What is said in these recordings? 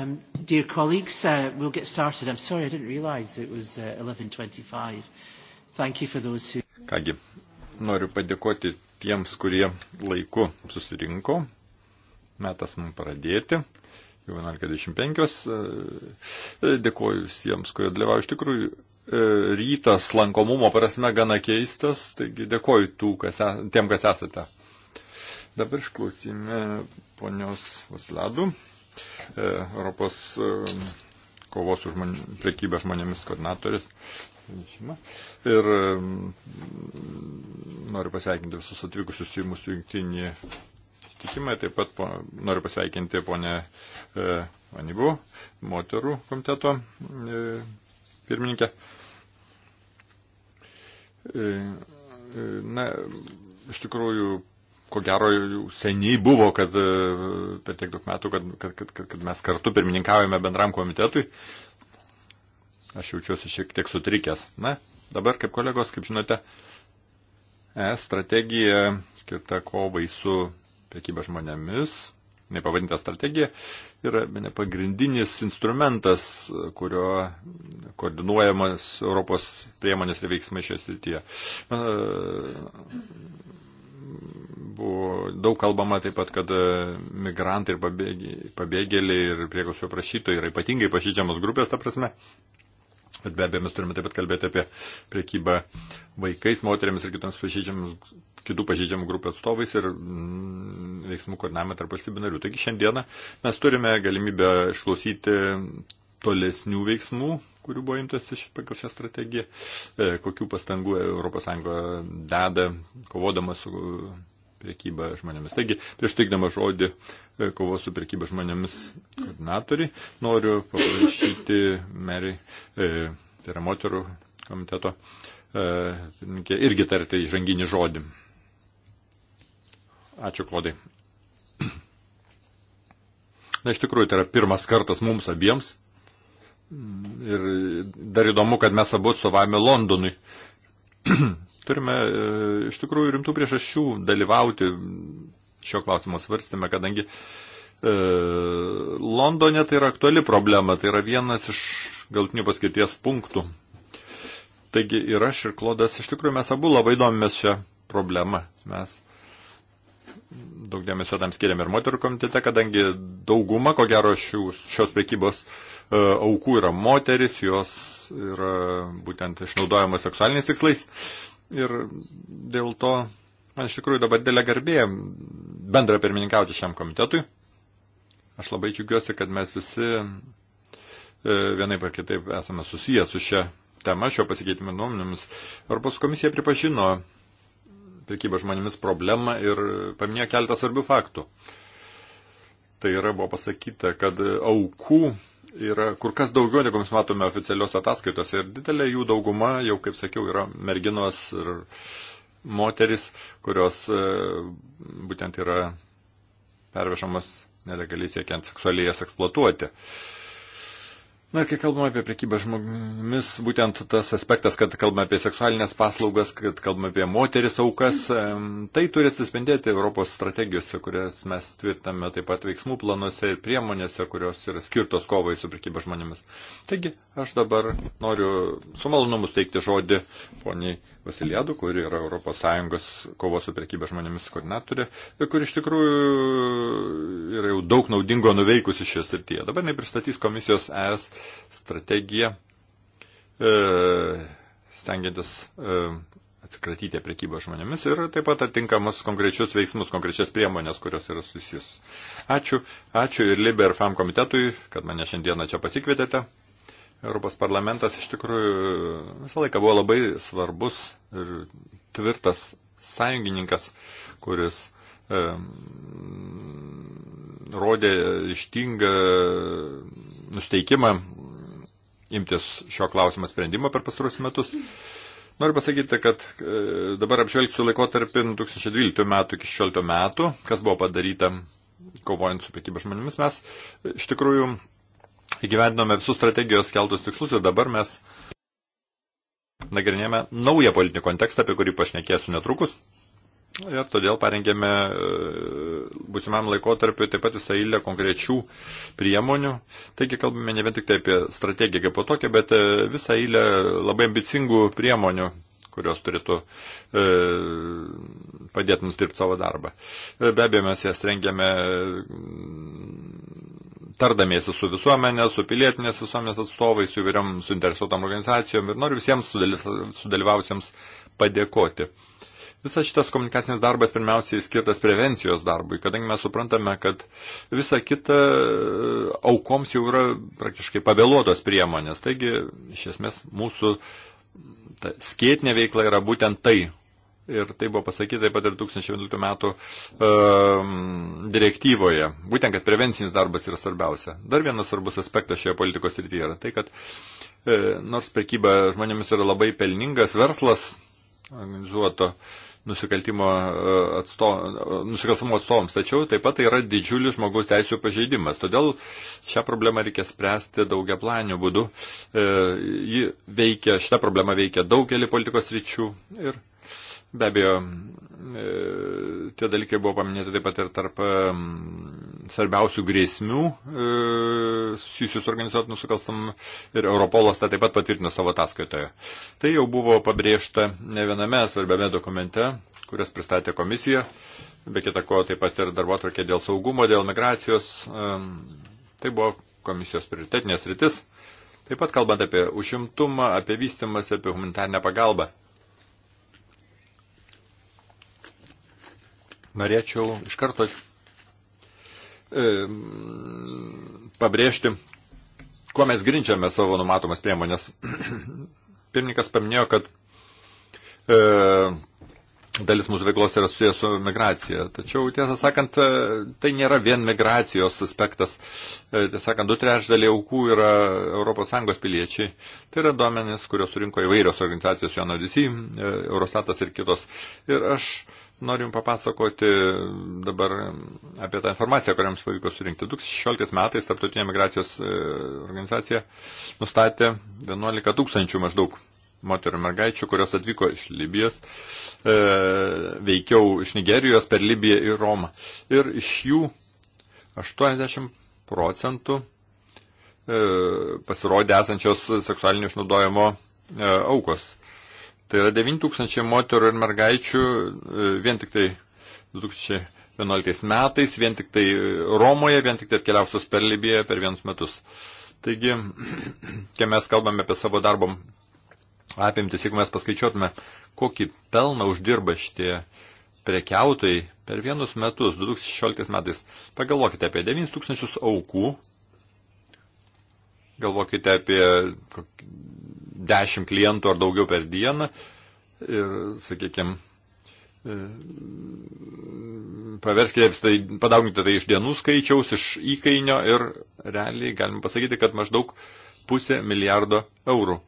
Um, dear colleagues, uh, we'll get started. I'm sorry, I didn't realise it was uh, 11.25. Thank you for those who... Kągi, noriu padėkoti tiems, kurie laiku susirinko. Metas mums pradėti. Jau 11.25. E, dėkoju visiems, kurie dalyvauja. Iš tikrųjų, e, rytas lankomumo prasme gana keistas, taigi dėkoju tų, kas, e, tiem, kas esate. Dabar išklausime ponios Vasladų. E, Europos e, kovos už žmon... priekybę žmonėmis koordinatorius. Ir e, noriu pasveikinti visus atvykusius į mūsų jungtinį susitikimą. Taip pat po, noriu pasveikinti ponę e, Vanibų, moterų komiteto e, pirmininkę. E, e, na, iš tikrųjų ko gero jau seniai buvo, kad e, per tiek daug metų, kad, kad, kad, kad mes kartu pirmininkavome bendram komitetui. Aš jaučiuosi šiek tiek sutrikęs. Na, dabar, kaip kolegos, kaip žinote, ES strategija skirta kovai su priekyba žmonėmis, nepavadinta strategija, yra ne pagrindinis instrumentas, kurio koordinuojamas Europos priemonės ir veiksmai šioje srityje. Buvo daug kalbama taip pat, kad e, migrantai ir pabėgėliai ir prieglobščio prašytojai yra ypatingai pažydžiamos grupės, ta prasme. Bet be abejo, mes turime taip pat kalbėti apie priekybą vaikais, moteriamis ir kitoms pažydžiamus, kitų pažydžiamų grupių atstovais ir mm, veiksmų koordinavimą tarp valstybių narių. Taigi šiandieną mes turime galimybę išklausyti tolesnių veiksmų, kurių buvo imtasi pagal šią strategiją, e, kokių pastangų ES deda kovodama su e, priekyba žmonėmis. Taigi, prieš teikdama žodį e, kovos su priekyba žmonėmis koordinatoriai, noriu paprašyti merį, e, tai yra moterų komiteto, e, irgi tarti įžanginį žodį. Ačiū, Klodai. Na, iš tikrųjų, tai yra pirmas kartas mums abiems Ir dar įdomu, kad mes abu atstovavome Londonui. Turime e, iš tikrųjų rimtų priežasčių dalyvauti šio klausimo svarstymę, kadangi e, Londone tai yra aktuali problema, tai yra vienas iš galtinių paskirties punktų. Taigi ir aš, ir Klodas, iš tikrųjų mes abu labai domimės šią problemą. Mes daug dėmesio tam skiriam ir moterų komitete, kadangi dauguma, ko gero, šių, šios prekybos uh, E, aukų yra moteris, jos yra būtent išnaudojama seksualiniais tikslais. Ir dėl to man iš tikrųjų dabar dėlė garbė bendra pirmininkauti šiam komitetui. Aš labai džiugiuosi, kad mes visi e, vienaip ar kitaip esame susiję su šia tema, šio pasikeitimo nuomonėmis. Europos komisija pripažino prekyba žmonėmis problemą ir paminėjo keletą svarbių faktų. Tai yra buvo pasakyta, kad aukų yra kur kas daugiau, negu mes matome oficialios ataskaitos. Ir didelė jų dauguma, jau kaip sakiau, yra merginos ir moteris, kurios e, būtent yra pervešamas nelegaliai siekiant seksualiai jas eksploatuoti. Uh, Na, kai kalbame apie prekybą žmogumis, būtent tas aspektas, kad kalbame apie seksualinės paslaugas, kad kalbame apie moteris aukas, tai turi atsispindėti Europos strategijose, kurias mes tvirtame, taip pat veiksmų planuose ir priemonėse, kurios yra skirtos kovai su prekyba žmonėmis. Taigi, aš dabar noriu su malonumu steigti žodį poniai Vasiliadų, kuri yra ES kovos su prekybė žmonėmis koordinatorė ir kur iš tikrųjų yra jau daug naudingo nuveikusi šioje srityje. Dabar nepristatys komisijos ES strategiją e, stengiantis e, atsikratyti prekybą žmonėmis ir taip pat atinkamus konkrečius veiksmus, konkrečias priemonės, kurios yra susijusios. Ačiū, ačiū ir Liber FAM komitetui, kad mane šiandieną čia pasikvietėte. Europos parlamentas iš tikrųjų visą laiką buvo labai svarbus ir tvirtas sąjungininkas, kuris e, rodė ištingą nusteikimą imtis šio klausimo sprendimo per pastarus metus. Noriu pasakyti, kad e, dabar apžvelgsiu laikotarpį 2012 metų iki 2016 metų, kas buvo padaryta kovojant su prekyba žmonėmis. Mes iš tikrųjų įgyvendinome visus strategijos keltus tikslus ir dabar mes nagrinėjame naują politinį kontekstą, apie kurį pašnekėsiu netrukus. Ir todėl parengėme e, būsimam laikotarpiu taip pat visą eilę konkrečių priemonių. Taigi kalbame ne vien tik tai apie strategiją kaip po tokią, bet e, visą eilę labai ambicingų priemonių kurios turėtų e, padėti mums dirbti savo darbą. E, be abejo, mes jas rengiame tardamiesi su visuomenė, su pilietinės visuomenės atstovais, su įvairiom suinteresuotam organizacijom ir noriu visiems sudalyvausiems padėkoti. Visas šitas komunikacinis darbas pirmiausiai skirtas prevencijos darbui, kadangi mes suprantame, kad visa kita e, aukoms jau yra praktiškai pavėluotos priemonės. Taigi, iš esmės, mūsų skėtinė veikla yra būtent tai, ir tai buvo pasakyta taip pat ir 2011 metų e, direktyvoje. Būtent, kad prevencinis darbas yra svarbiausia. Dar vienas svarbus aspektas šioje politikos srityje yra tai, kad e, nors prekyba žmonėmis yra labai pelningas verslas, organizuoto nusikaltimo e, atsto, nusikalstamo atstovams, tačiau taip pat tai yra didžiulis žmogaus teisų pažeidimas. Todėl šią problemą reikia spręsti daugia planių būdų. E, veikia, šitą problemą veikia daugelį politikos ryčių ir Be abejo, e, tie dalykai buvo paminėti taip pat ir tarp e, svarbiausių grėsmių e, susijusių su organizuotų nusikalstam ir Europolas tą taip pat patvirtino savo ataskaitoje. Tai jau buvo pabrėžta ne viename svarbiame dokumente, kurias pristatė komisija, be kita ko taip pat ir darbo atrakė dėl saugumo, dėl migracijos. Tai buvo komisijos prioritetinės rytis. Taip pat kalbant apie užimtumą, apie vystimąsi, apie humanitarnę pagalbą. norėčiau iš karto e, pabrėžti, kuo mes grinčiame savo numatomas priemonės. Pirmininkas paminėjo, kad e, dalis mūsų veiklos yra susijęs su migracija. Tačiau, tiesą sakant, e, tai nėra vien migracijos aspektas. E, tiesą sakant, du trečdaliai aukų yra ES piliečiai. Tai yra duomenys, kurios surinko įvairios organizacijos, JNODC, e, Eurostatas ir kitos. Ir aš noriu Jums papasakoti dabar apie tą informaciją, kurią Jums pavyko surinkti. 2016 metais Tarptautinė migracijos organizacija nustatė 11 tūkstančių maždaug moterų mergaičių, kurios atvyko iš Libijos, e, veikiau iš Nigerijos per Libiją į Romą. Ir iš jų 80 procentų e, pasirodė esančios seksualinio išnaudojimo e, aukos. Tai yra 9000 moterų ir mergaičių e, vien tik tai 2011 metais, vien tik tai Romoje, vien tik tai atkeliausios per Libiją per vienus metus. Taigi, kai mes kalbame apie savo darbom apimtis, jeigu mes paskaičiuotume, kokį pelną uždirba šitie prekiautojai per vienus metus, 2016 metais, pagalvokite apie 9 tūkstančius aukų, galvokite apie 10 klientų ar daugiau per dieną ir, sakykime, paverskite tai, padauginkite tai iš dienų skaičiaus, iš įkainio ir realiai galima pasakyti, kad maždaug pusė milijardo eurų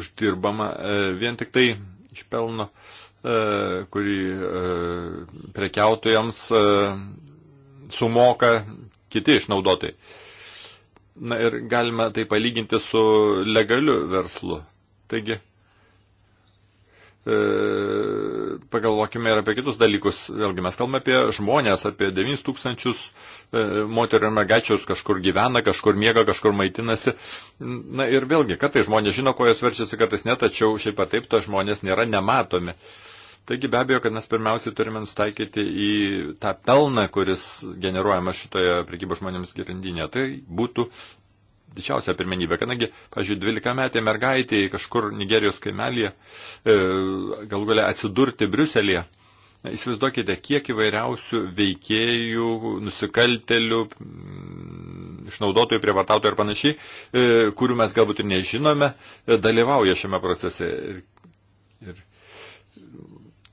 uždirbama e, vien tik tai iš pelno, e, kurį e, prekiautojams sumoka kiti išnaudotojai. Na ir galime tai palyginti su legaliu verslu. Taigi, E, pagalvokime ir apie kitus dalykus. Vėlgi mes kalbame apie žmonės, apie 9 tūkstančius e, moterų ir mergaičiaus kažkur gyvena, kažkur miega, kažkur maitinasi. Na ir vėlgi, kartais žmonės žino, ko jos verčiasi, kartais ne, tačiau šiaip ar taip to žmonės nėra nematomi. Taigi be abejo, kad mes pirmiausiai turime nustaikyti į tą pelną, kuris generuojama šitoje prekybos žmonėms grandinėje. Tai būtų didžiausią pirmenybę, kadangi, pažiūrėjau, 12 metė mergaitė kažkur Nigerijos kaimelėje gal galia atsidurti Briuselėje. Na, įsivaizduokite, kiek įvairiausių veikėjų, nusikaltelių, mm, išnaudotojų, prievartautojų ir panašiai, e, kurių mes galbūt ir nežinome, e, dalyvauja šiame procese. Ir, ir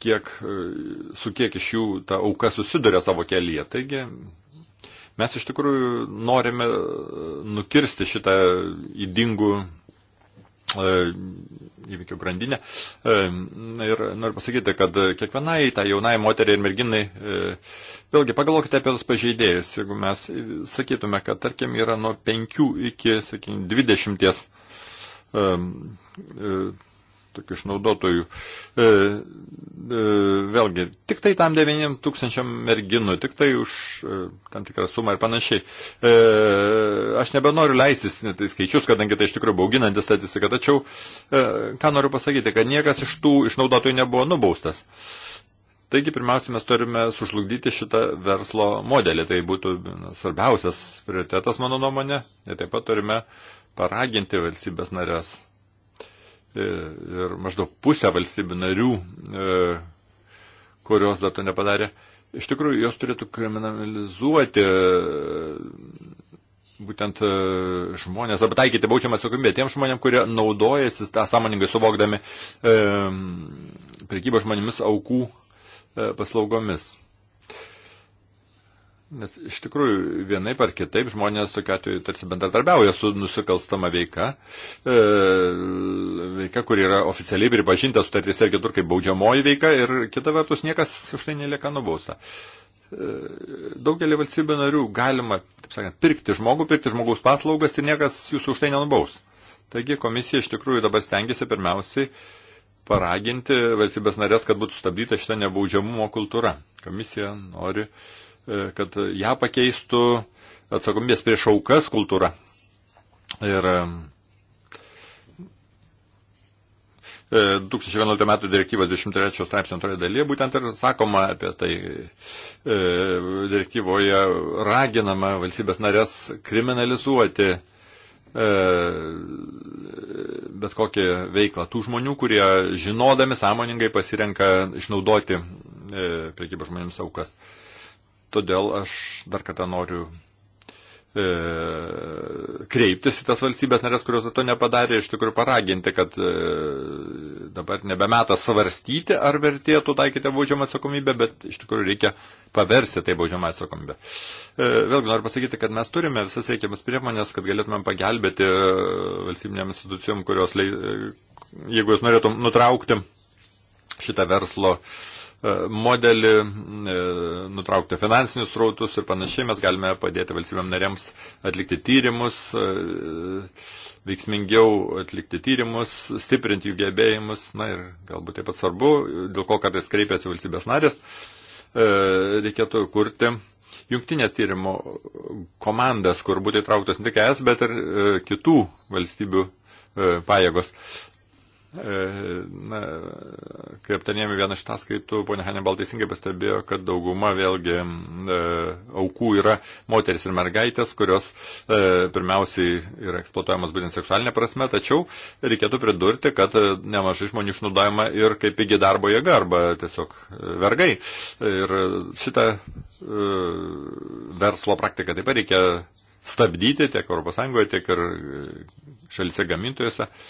kiek, e, su kiek iš jų ta auka susiduria savo kelyje. Taigi Mes iš tikrųjų norime e, nukirsti šitą įdingų e, įvykių grandinę. E, ir noriu pasakyti, kad kiekvienai tai jaunai moteriai ir merginai, vėlgi pagalvokite apie tos pažeidėjus. Jeigu mes sakytume, kad tarkim yra nuo 5 iki, sakykime, 20 um, tokių išnaudotojų. E, e, vėlgi, tik tai tam 9 tūkstančiam merginų, tik tai už e, tam tikrą sumą ir panašiai. E, aš nebenoriu leistis net tai skaičius, kadangi tai iš tikrųjų bauginanti statistika, tačiau e, ką noriu pasakyti, kad niekas iš tų išnaudotojų nebuvo nubaustas. Taigi, pirmiausia, mes turime sužlugdyti šitą verslo modelį. Tai būtų svarbiausias prioritetas, mano nuomonė. Ir taip pat turime paraginti valstybės narės E, ir maždaug pusę valstybių narių, e, kurios dar to nepadarė, iš tikrųjų jos turėtų kriminalizuoti e, būtent žmonės arba taikyti baudžiamą atsakomybę tiem žmonėm, kurie naudojasi tą sąmoningai suvokdami e, prekybą žmonėmis aukų e, paslaugomis. Nes iš tikrųjų vienaip ar kitaip žmonės tokia atveju tarsi bendradarbiauja su nusikalstama veika, e, veika, kur yra oficialiai pripažinta sutartys ir kitur kaip baudžiamoji veika ir kita vertus niekas už tai nelieka nubausta. E, daugelį valstybių narių galima, taip sakant, pirkti žmogų, pirkti žmogaus paslaugas ir niekas jūsų už tai nenubaus. Taigi komisija iš tikrųjų dabar stengiasi pirmiausiai paraginti valstybės narės, kad būtų stabdyta šita nebaudžiamumo kultūra. Komisija nori E, kad ją pakeistų atsakomybės prieš aukas kultūra. Ir 2011 e, e, metų direktyvos 23 straipsnio antroje dalyje būtent ir sakoma apie tai. Direktyvoje raginama valstybės narės kriminalizuoti bet kokią veiklą tų žmonių, kurie žinodami sąmoningai pasirenka išnaudoti priekybą žmonėms aukas. E, Todėl aš dar kartą noriu e, kreiptis į tas valstybės narės, kurios to nepadarė, iš tikrųjų paraginti, kad e, dabar nebemeta svarstyti, ar vertėtų taikyti baudžiamą atsakomybę, bet iš tikrųjų reikia paversi tai baudžiamą atsakomybę. E, vėlgi noriu pasakyti, kad mes turime visas reikiamas priemonės, kad galėtumėm pagelbėti e, valstybinėm institucijom, kurios, e, jeigu jūs norėtum nutraukti šitą verslo uh, E, modelį, e, nutraukti finansinius rautus ir panašiai. Mes galime padėti valstybėm narėms atlikti tyrimus, e, veiksmingiau atlikti tyrimus, stiprinti jų gebėjimus. Na ir galbūt taip pat svarbu, dėl ko kartais kreipiasi valstybės narės, reikėtų kurti jungtinės tyrimo komandas, kur būtų įtrauktos ne tik ES, bet ir kitų valstybių pajėgos. E, na, kai aptarnėjome vieną iš ataskaitų, ponia Hannibal teisingai pastebėjo, kad dauguma vėlgi e, aukų yra moteris ir mergaitės, kurios e, pirmiausiai yra eksploatuojamas būtent seksualinė prasme, tačiau reikėtų pridurti, kad e, nemažai žmonių išnaudojama ir kaip pigi darbo jėga arba tiesiog e, vergai. Ir šitą e, verslo praktiką taip pat reikia stabdyti tiek ES, tiek ir šalise gamintojose. E,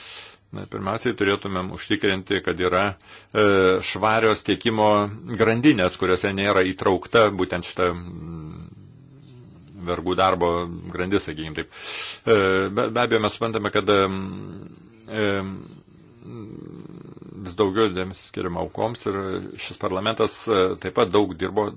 Na, pirmiausiai turėtumėm užtikrinti, kad yra e, švarios tiekimo grandinės, kuriuose nėra įtraukta būtent šitą mm, vergų darbo grandis, sakykime taip. E, be, be abejo, mes suprantame, kad e, vis daugiau dėmesio skiriama aukoms ir šis parlamentas e, taip pat daug dirbo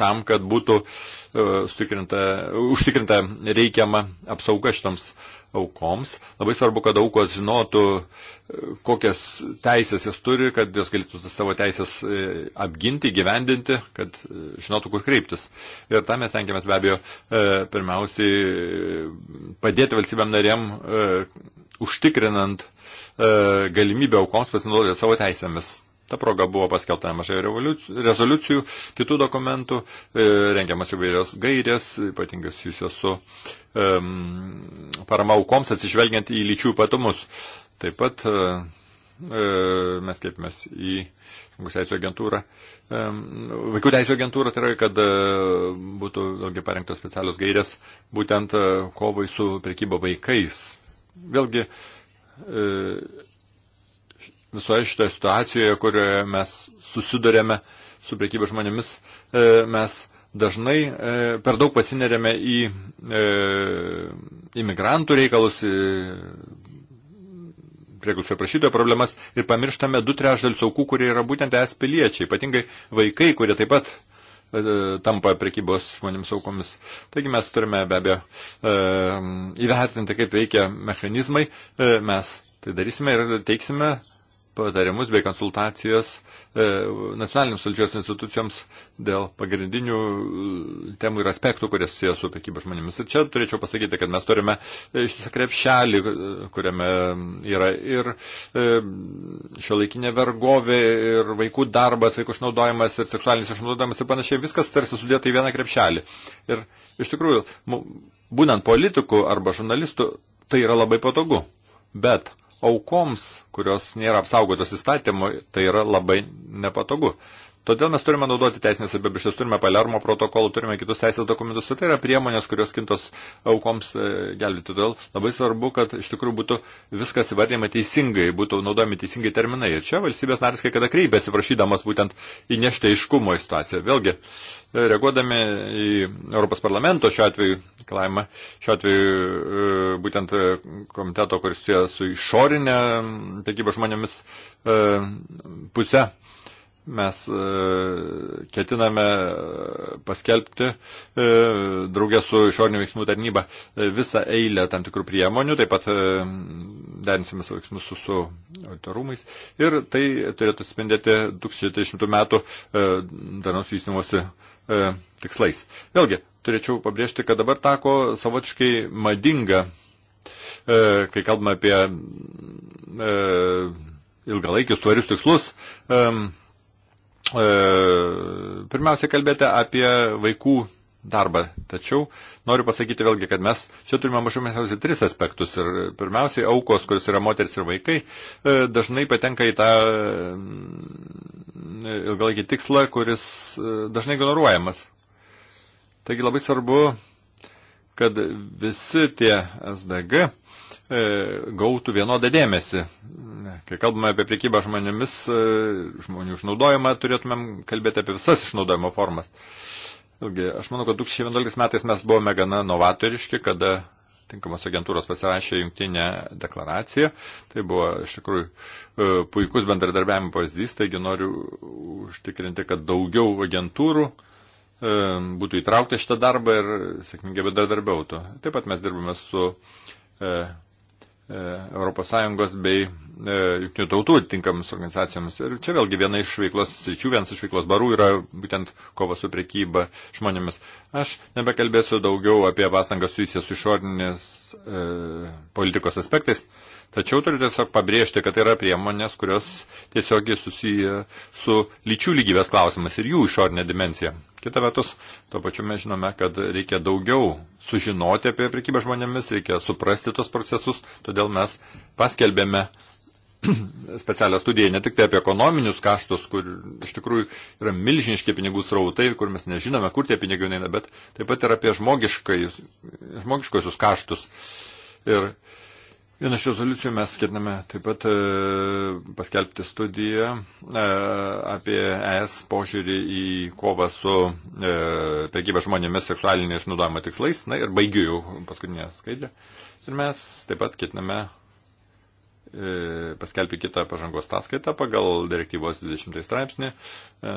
tam, kad būtų e, užtikrinta reikiama apsauga šitoms aukoms. Labai svarbu, kad aukos žinotų, e, kokias teisės jos turi, kad jos galėtų savo teisės e, apginti, gyvendinti, kad e, žinotų, kur kreiptis. Ir tam mes tenkiamės be abejo pirmiausiai padėti valstybėm narėm užtikrinant galimybę aukoms pasinaudoti savo teisėmis. Ta proga buvo paskelbta nemažai rezoliucijų, kitų dokumentų, rengiamas įvairios gairės, ypatingai susijusios su uh, parama aukoms atsižvelgiant į lyčių patumus. Taip pat e, e, mes kreipiamės į žmogus teisų agentūrą. Vaikų teisų agentūra tai yra, kad e, būtų vėlgi parengtos specialios gairės būtent kovai su prekyba vaikais. Vėlgi visoje šitoje situacijoje, kurioje mes susidurėme su prekyba žmonėmis, mes dažnai e, per daug pasinerėme į e, imigrantų reikalus, e, prieglupščio prašytojo problemas ir pamirštame du trešdalius aukų, kurie yra būtent es piliečiai, ypatingai vaikai, kurie taip pat e, tampa prekybos žmonėms aukomis. Taigi mes turime be abejo e, įvertinti, kaip veikia mechanizmai. E, mes tai darysime ir teiksime patarimus bei konsultacijas e, nacionaliniams valdžios institucijoms dėl pagrindinių e, temų ir aspektų, kurie susijęs su prekyba žmonėmis. Ir čia turėčiau pasakyti, kad mes turime ištisą krepšelį, e, kuriame yra ir šio laikinė vergovė, ir vaikų darbas, vaikų išnaudojimas, ir seksualinis išnaudojimas ir panašiai. Viskas tarsi sudėta į vieną krepšelį. Ir iš tikrųjų, būnant politikų arba žurnalistų, tai yra labai patogu. Bet aukoms, kurios nėra apsaugotos įstatymu, tai yra labai nepatogu. Todėl mes turime naudoti teisinės apibrištis, turime Palermo protokolą, turime kitus teisės dokumentus, tai yra priemonės, kurios kintos aukoms e, gelbėti. Todėl labai svarbu, kad iš tikrųjų būtų viskas įvardėjama teisingai, būtų naudojami teisingai terminai. Ir čia valstybės narys kai kada kreipėsi, prašydamas būtent įnešti aiškumo į situaciją. Vėlgi, e, reaguodami į Europos parlamento šiuo atveju klaimą, šiuo atveju e, būtent komiteto, kuris su išorinė, takyba žmonėmis, pusę mes e, ketiname e, paskelbti e, draugę su išorinių veiksmų tarnyba visą eilę tam tikrų priemonių, taip pat derinsime savo veiksmus su, su auditorumais ir tai turėtų spindėti 2030 metų darnos vystimosi tikslais. Vėlgi, turėčiau pabrėžti, kad dabar tako savotiškai madinga, kai kalbame apie ilgalaikius tvarius tikslus, um, E, pirmiausia kalbėti apie vaikų darbą. Tačiau noriu pasakyti vėlgi, kad mes čia turime mažiau mažiausiai tris aspektus. Ir pirmiausiai, aukos, kuris yra moteris ir vaikai, e, dažnai patenka į tą ilgalaikį e, tikslą, kuris dažnai ignoruojamas. Taigi labai svarbu, kad visi tie SDG E, gautų vienodą dėmesį. Kai kalbame apie priekybą žmonėmis, e, žmonių išnaudojimą, turėtumėm kalbėti apie visas išnaudojimo formas. Ilgi, aš manau, kad 2011 metais mes buvome gana novatoriški, kada tinkamos agentūros pasirašė jungtinę deklaraciją. Tai buvo iš tikrųjų e, puikus bendradarbiavimo pavyzdys, taigi noriu užtikrinti, kad daugiau agentūrų būtų įtraukta šitą darbą ir sėkmingai bendradarbiautų. Taip pat mes dirbame su ES bei e, jungtinių tautų tinkamus organizacijoms. Ir čia vėlgi viena iš veiklos sričių, vienas iš veiklos barų yra būtent kova su priekyba žmonėmis. Aš nebekalbėsiu daugiau apie pastangas susijusias su išorinės e, politikos aspektais. E, Tačiau turiu tiesiog pabrėžti, kad tai yra priemonės, kurios tiesiogiai susiję su lyčių lygybės klausimas ir jų išorinė dimensija. Kita vertus, tuo pačiu mes žinome, kad reikia daugiau sužinoti apie prekybę žmonėmis, reikia suprasti tos procesus, todėl mes paskelbėme specialią studiją ne tik tai apie ekonominius kaštus, kur iš tikrųjų yra milžiniški pinigų srautai, kur mes nežinome, kur tie pinigai eina, bet taip pat ir apie žmogiškosius kaštus. Ir Vieną iš rezoliucijų mes ketiname taip pat e, paskelbti studiją e, apie ES požiūrį į kovą su e, prekyba žmonėmis seksualinio išnaudojimo tikslais. Na ir baigiu jau paskutinę skaidrę. Ir mes taip pat ketiname E, paskelbė kitą pažangos ataskaitą pagal direktyvos 20 straipsnį, e,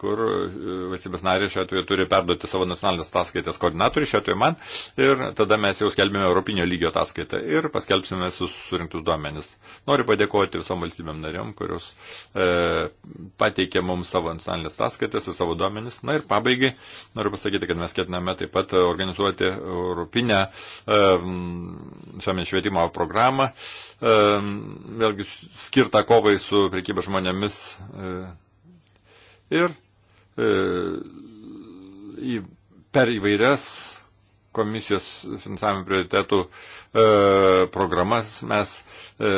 kur e, valstybės narė šiuo atveju turi perduoti savo nacionalinės ataskaitas koordinatoriui, šiuo atveju man, ir tada mes jau skelbėme Europinio lygio ataskaitą ir paskelbsime visus surinktus duomenis. Noriu padėkoti visom valstybėm narėm, kurios e, pateikė mums savo nacionalinės ataskaitas ir savo duomenis. Na ir pabaigai noriu pasakyti, kad mes ketiname taip pat organizuoti Europinę e, švietimo programą. E, E, vėlgi skirtą kovai su priekyba žmonėmis e, ir e, per įvairias komisijos finansavimo prioritetų e, programas mes e,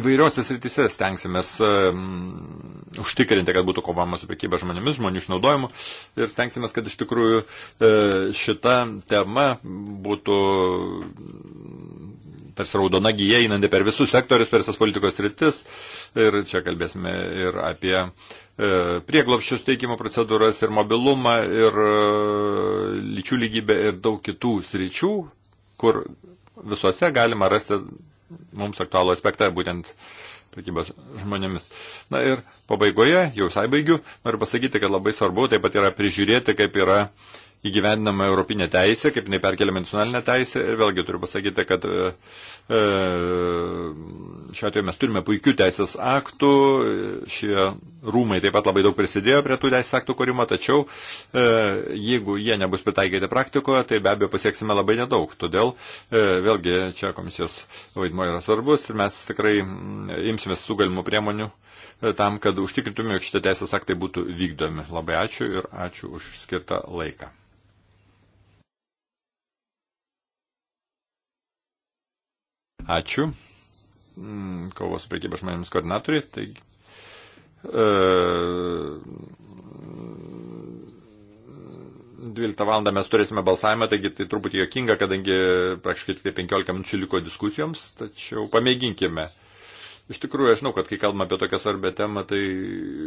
įvairiuose srityse stengsimės e, užtikrinti, kad būtų kovama su prekyba žmonėmis, žmonių išnaudojimu ir stengsimės, kad iš tikrųjų e, šita tema būtų tarsi raudona gyja einanti per visus sektorius, per visas politikos rytis. Ir čia kalbėsime ir apie e, prieglopščius teikimo procedūras ir mobilumą ir e, lyčių lygybę ir daug kitų sričių, kur visuose galima rasti mums aktualų aspektą, būtent prekybos žmonėmis. Na ir pabaigoje, jau visai baigiu, noriu pasakyti, kad labai svarbu taip pat yra prižiūrėti, kaip yra uh, įgyvendinama europinė teisė, kaip jinai perkeliama nacionalinė teisė. Ir vėlgi turiu pasakyti, kad e, e, šiuo atveju mes turime puikių teisės aktų, šie rūmai taip pat labai daug prisidėjo prie tų teisės aktų kūrimo, tačiau e, jeigu jie nebus pritaikyti praktikoje, tai be abejo pasieksime labai nedaug. Todėl e, vėlgi čia komisijos vaidmo yra svarbus ir mes tikrai mm, imsimės sugalimų priemonių tam, kad užtikrintume, jog šitie teisės aktai būtų vykdomi. Labai ačiū ir ačiū už skirtą laiką. Ačiū. Mm, kovos su priekybė žmonėmis koordinatoriai. Taigi, e, 12 val. mes turėsime balsavimą, taigi tai truputį jokinga, kadangi praktiškai tik 15 tai minučių liko diskusijoms, tačiau pamėginkime. Iš tikrųjų, aš žinau, kad kai kalbame apie tokią svarbę temą, tai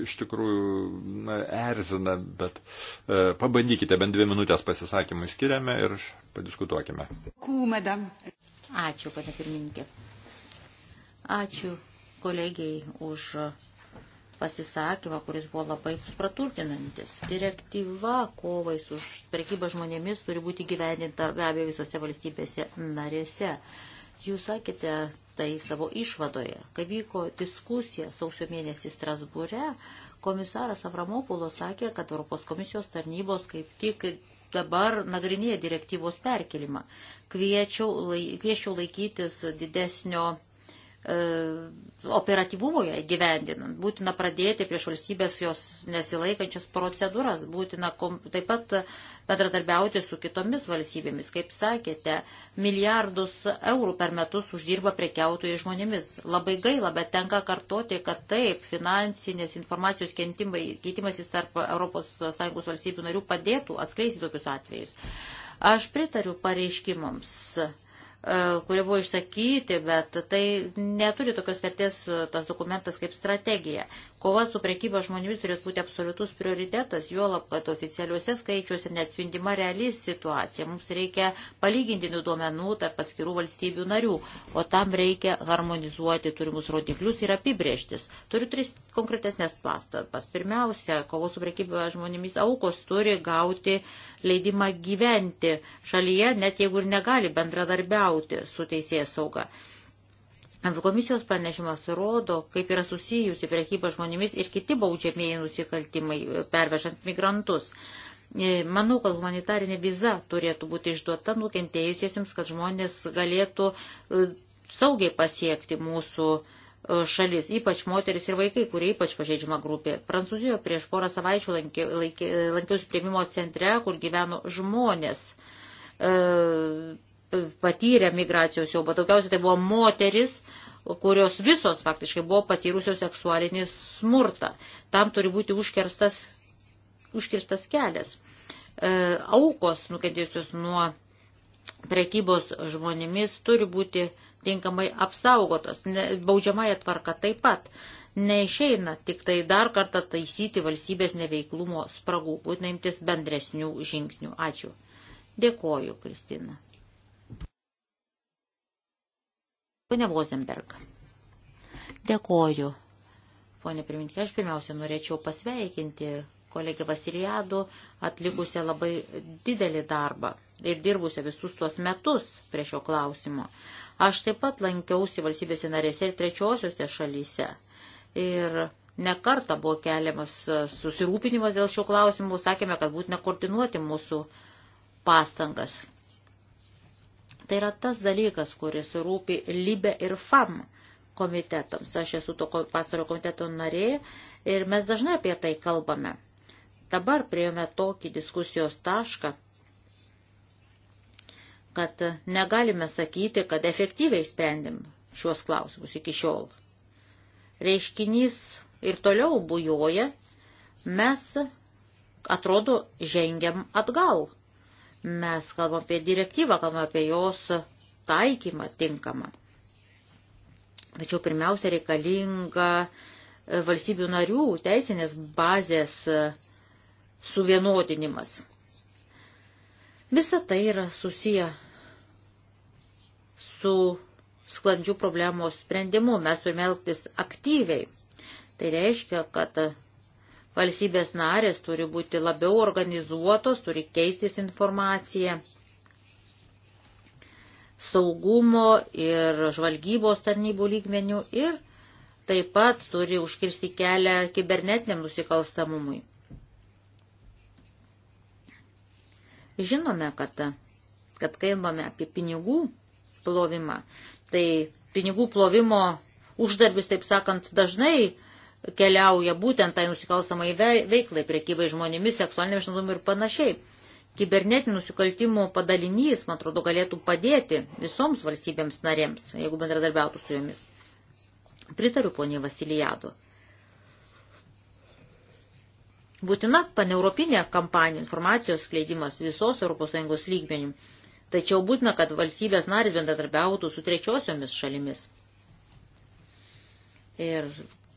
iš tikrųjų na, erzina, bet e, pabandykite bent dvi minutės pasisakymų išskiriame ir padiskutuokime. Kūmedam. Ačiū, pana pirmininkė. Ačiū kolegijai už pasisakymą, kuris buvo labai praturtinantis. Direktyva kovai už prekybą žmonėmis turi būti gyvendinta be abejo visose valstybėse narėse. Jūs sakėte, tai savo išvadoje. Kai vyko diskusija sausio mėnesį Strasbūre, komisaras Avramopulos sakė, kad Europos komisijos tarnybos kaip tik dabar nagrinėja direktyvos perkelimą. Kviečiau, lai, kviečiau laikytis didesnio E, operatyvumoje gyvendinant. Būtina pradėti prieš valstybės jos nesilaikančias procedūras, būtina taip pat bendradarbiauti su kitomis valstybėmis. Kaip sakėte, milijardus eurų per metus uždirba prekiautojai žmonėmis. Labai gaila, bet tenka kartoti, kad taip, finansinės informacijos keitimasis tarp ES valstybių narių padėtų atskleisti tokius atvejus. Aš pritariu pareiškimams E, kurie buvo išsakyti, bet tai neturi tokios vertės e, tas dokumentas kaip strategija. Kova su priekyba žmonėmis turėtų būti absoliutus prioritetas, juolab, kad oficialiuose skaičiuose neatspindima reali situacija. Mums reikia palygintinų duomenų tarp atskirų valstybių narių, o tam reikia harmonizuoti turimus rodiklius ir apibrieštis. Turiu tris konkretesnės pastabas. Pirmiausia, kovos su priekyba žmonėmis aukos turi gauti leidimą gyventi šalyje, net jeigu ir negali bendradarbiauti su teisėjas sauga. Komisijos pranešimas rodo, kaip yra susijusi priekyba žmonėmis ir kiti baudžiamieji nusikaltimai e, pervežant migrantus. E, manau, kad humanitarinė viza turėtų būti išduota nukentėjusiesiems, kad žmonės galėtų e, saugiai pasiekti mūsų šalis, ypač moteris ir vaikai, kurie ypač pažeidžiama grupė. Prancūzijoje prieš porą savaičių lankė, lankė, lankiausi prieimimo centre, kur gyveno žmonės. E, patyrę migracijos siaubą. Daugiausiai tai buvo moteris, kurios visos faktiškai buvo patyrusios seksualinį smurtą. Tam turi būti užkirstas, užkirstas kelias. E, aukos nukentėjusios nuo prekybos žmonėmis turi būti tinkamai apsaugotos. Ne, baudžiamąją tvarką taip pat. Neišeina tik tai dar kartą taisyti valstybės neveiklumo spragų, būtina imtis bendresnių žingsnių. Ačiū. Dėkoju, Kristina. Pone Vozenberg, dėkoju. Pone pirmininkė, aš pirmiausia norėčiau pasveikinti kolegę Vasilijadų atlikusią labai didelį darbą ir dirbusią visus tuos metus prie šio klausimo. Aš taip pat lankiausi valstybėse narėse ir trečiosiuose šalyse. Ir nekarta buvo keliamas susirūpinimas dėl šio klausimų, sakėme, kad būtina koordinuoti mūsų pastangas. Tai yra tas dalykas, kuris rūpi Libe ir FAM komitetams. Aš esu to pastaro komiteto narė ir mes dažnai apie tai kalbame. Dabar priejome tokį diskusijos tašką, kad negalime sakyti, kad efektyviai sprendėm šiuos klausimus iki šiol. Reiškinys ir toliau bujoja, mes atrodo žengiam atgal. Mes kalbam apie direktyvą, kalbam apie jos taikymą tinkamą. Tačiau pirmiausia reikalinga e, valstybių narių teisinės bazės e, suvienodinimas. Visa tai yra susiję su sklandžių problemos sprendimu. Mes turime elgtis aktyviai. Tai reiškia, kad Valstybės narės turi būti labiau organizuotos, turi keistis informaciją. Saugumo ir žvalgybos tarnybų lygmenių ir taip pat turi užkirsti kelią kibernetiniam nusikalstamumui. Žinome, kad, kad kalbame apie pinigų plovimą, tai pinigų plovimo uždarbis, taip sakant, dažnai keliauja būtent tai nusikalstamai veiklai, priekybai žmonėmis, seksualiniam išnaudojimui ir panašiai. Kibernetinių nusikaltimų padalinys, man atrodo, galėtų padėti visoms valstybėms narėms, jeigu bendradarbiautų su jomis. Pritariu poniai Vasilijadu. Būtina paneuropinė kampanija informacijos skleidimas visos ES lygmenių, tačiau būtina, kad valstybės narys bendradarbiautų su trečiosiomis šalimis. Ir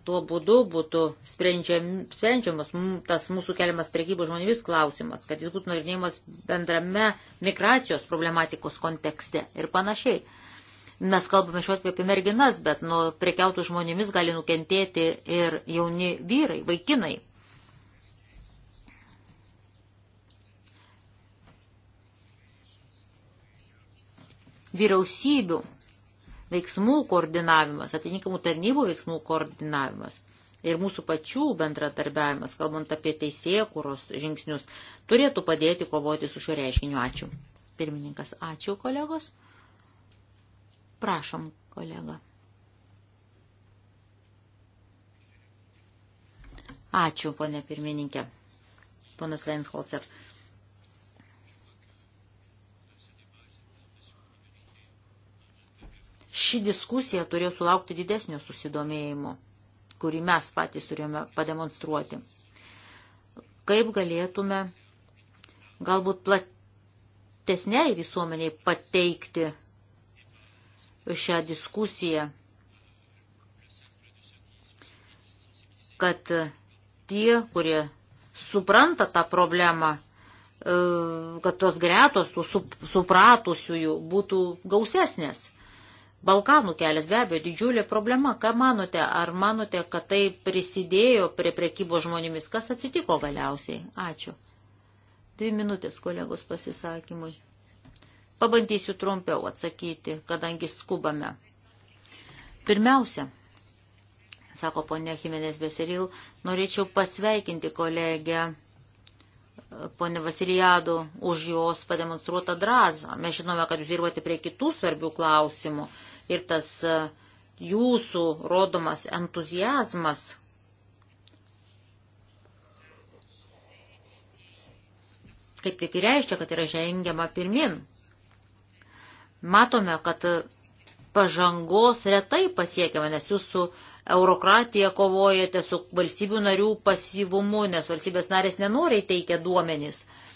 Tuo būdu būtų sprendžiam, sprendžiamas tas mūsų keliamas priekybos žmonėmis klausimas, kad jis būtų nagrinėjimas bendrame migracijos problematikos kontekste ir panašiai. Mes kalbame šios apie merginas, bet nuo prekiautų žmonėmis gali nukentėti ir jauni vyrai, vaikinai. Vyriausybių veiksmų koordinavimas, atitinkamų tarnybų veiksmų koordinavimas ir mūsų pačių bendradarbiavimas, kalbant apie teisėkuros žingsnius, turėtų padėti kovoti su šiuo reiškiniu. Ačiū. Pirmininkas, ačiū kolegos. Prašom, kolega. Ačiū, ponė pirmininkė. Ponas Lensholzer. Ši diskusija turėjo sulaukti didesnio susidomėjimo, kurį mes patys turėjome pademonstruoti. Kaip galėtume galbūt platesniai visuomeniai pateikti šią diskusiją, kad tie, kurie supranta tą problemą, e, kad tos gretos tų supratusiųjų būtų gausesnės. Balkanų kelias be abejo didžiulė problema. Ką manote? Ar manote, kad tai prisidėjo prie prekybo žmonėmis? Kas atsitiko galiausiai? Ačiū. Dvi minutės kolegos pasisakymui. Pabandysiu trumpiau atsakyti, kadangi skubame. Pirmiausia, sako ponė Jimenez Beseril, norėčiau pasveikinti kolegę e, ponė Vasilijadų už jos pademonstruotą drąsą. Mes žinome, kad jūs dirbate prie kitų svarbių klausimų ir tas e, jūsų rodomas entuzijazmas. Kaip tik ir reiškia, kad yra žengiama pirmin. Matome, kad pažangos retai pasiekiama, nes jūs su eurokratija kovojate, su valstybių narių pasivumu, nes valstybės narės nenoriai teikia duomenys. Uh,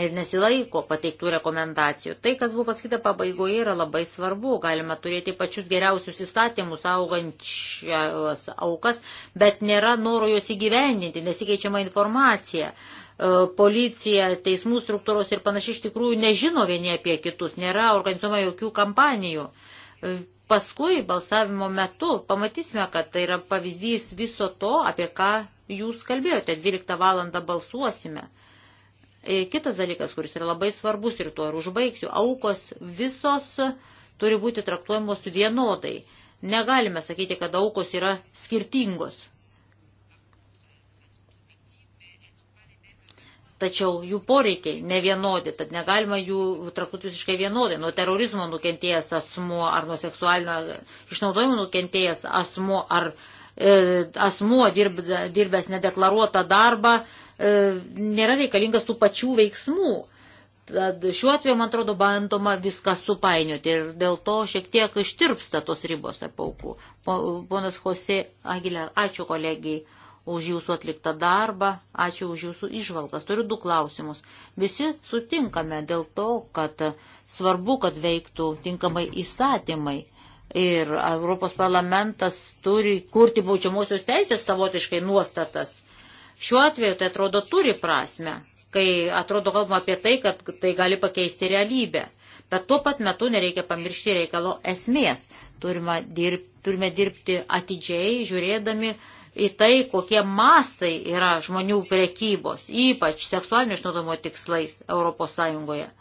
ir nesilaiko pateiktų rekomendacijų. Tai, kas buvo pasakyta pabaigoje, yra labai svarbu. Galima turėti pačius geriausius įstatymus augančias aukas, bet nėra noro juos įgyvendinti, nesikeičiama informacija. E, policija, teismų struktūros ir panašiai iš tikrųjų nežino vieni apie kitus, nėra organizuojama jokių kampanijų. E, paskui balsavimo metu pamatysime, kad tai yra pavyzdys viso to, apie ką jūs kalbėjote. 12 valandą balsuosime. E, kitas dalykas, kuris yra labai svarbus ir tuo ir užbaigsiu, aukos visos turi būti traktuojamos vienodai. Negalime sakyti, kad aukos yra skirtingos. Tačiau jų poreikiai nevienodi, tad negalima jų traktuoti visiškai vienodai. Nuo terorizmo nukentėjęs asmuo ar nuo seksualinio išnaudojimo nukentėjęs asmuo ar e, asmuo dirb, dirbęs nedeklaruotą darbą E, nėra reikalingas tų pačių veiksmų. Tad šiuo atveju, man atrodo, bandoma viską supainioti ir dėl to šiek tiek ištirpsta tos ribos tarp aukų. Ponas Jose Aguilar, ačiū kolegijai už jūsų atliktą darbą, ačiū už jūsų išvalgas. Turiu du klausimus. Visi sutinkame dėl to, kad svarbu, kad veiktų tinkamai įstatymai. Ir Europos parlamentas turi kurti baudžiamosios teisės savotiškai nuostatas Šiuo atveju tai atrodo turi prasme, kai atrodo kalbama apie tai, kad tai gali pakeisti realybę. Bet tuo pat metu nereikia pamiršti reikalo esmės. Turime, dirb, turime dirbti atidžiai, žiūrėdami į tai, kokie mastai yra žmonių prekybos, ypač seksualinio išnaudojimo tikslais ES.